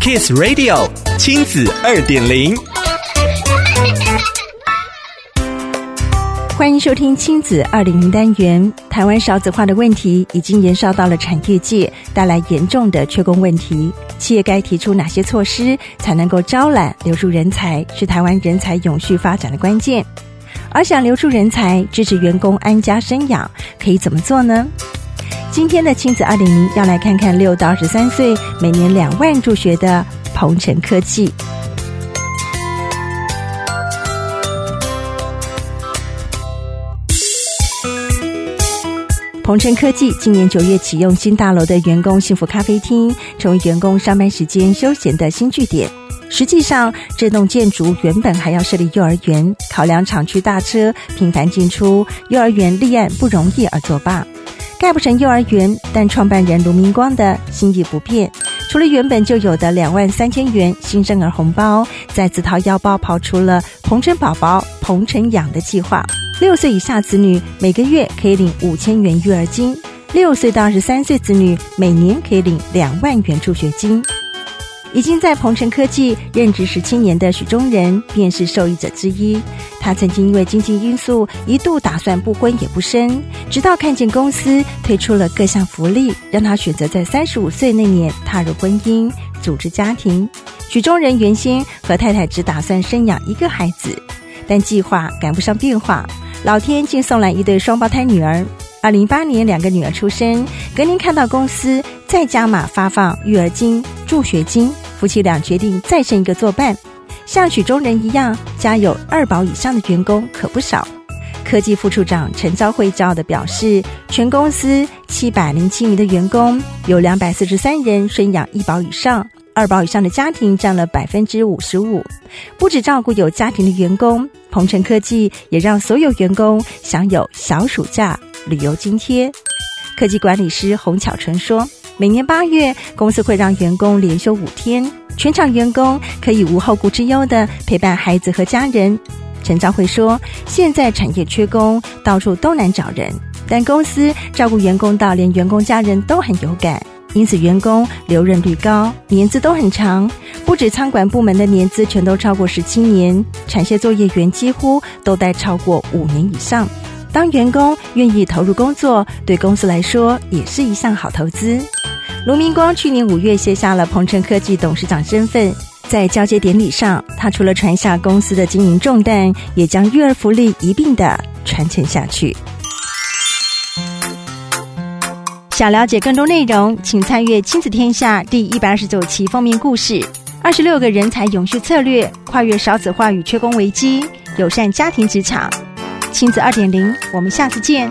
Kiss Radio 親子二點零，歡迎收聽親子二點零單元。台灣少子化的問題已經延燒到了產業界，帶來嚴重的缺工問題。企業該提出哪些措施才能夠招攬留住人才？是台灣人才永續發展的關鍵。而想留住人才，支持員工安家生養，可以怎麼做呢？今天的親子二點零要來看看六到二十三歲每年兩萬助學的朋程科技。朋程科技今年九月啟用新大樓的員工幸福咖啡廳，成為員工上班時間休閒的新據點。實際上，這棟建築原本還要設立幼兒園，考量廠區大車頻繁進出，幼兒園立案不容易而作罷。蓋不成幼兒園，但創辦人盧明光的心意不變。除了原本就有的兩萬三千元新生兒紅包，再自掏腰包跑出了“朋程寶寶，朋程養”的計劃。六歲以下子女每個月可以領五千元育兒金，六歲到二十三歲子女每年可以領兩萬元助學金。已經在朋程科技任職十七年的許忠仁便是受益者之一。他曾經因為經濟因素一度打算不婚也不生，直到看見公司推出了各項福利，讓他選擇在三十五歲那年踏入婚姻，組織家庭。許忠仁原先和太太只打算生養一個孩子，但計劃趕不上變化，老天竟送來一對雙胞胎女兒。二零零八年，兩個女兒出生。隔年看到公司再加碼發放育兒金、助學金。夫妻倆決定再生一個作伴，像曲中人一樣。家有二寶以上的員工可不少。科技副處長陳昭慧驕傲地表示，全公司七百零七名的員工，有兩百四十三人生養一寶以上，二寶以上的家庭佔了百分之五十五。不止照顧有家庭的員工，朋程科技也讓所有員工享有小暑假、旅遊津貼。科技管理師洪巧純說。每年八月，公司會讓員工連休五天，全廠員工可以無後顧之憂地陪伴孩子和家人。陳昭惠說：“現在產業缺工，到處都難找人，但公司照顧員工到連員工家人都很有感，因此員工留任率高，年資都很長。不止倉管部門的年資全都超過十七年，產線作業員幾乎都待超過五年以上。當員工願意投入工作，對公司來說也是一項好投資。”盧明光去年五月卸下了朋程科技董事長身份，在交接典禮上，他除了傳下公司的經營重擔，也將育兒福利一併的傳承下去。想了解更多內容，請參閱《親子天下》第一百二十九期封面故事：二十六個人才永續策略，跨越少子化與缺工危機，友善家庭職場，親子二點零。我們下次見。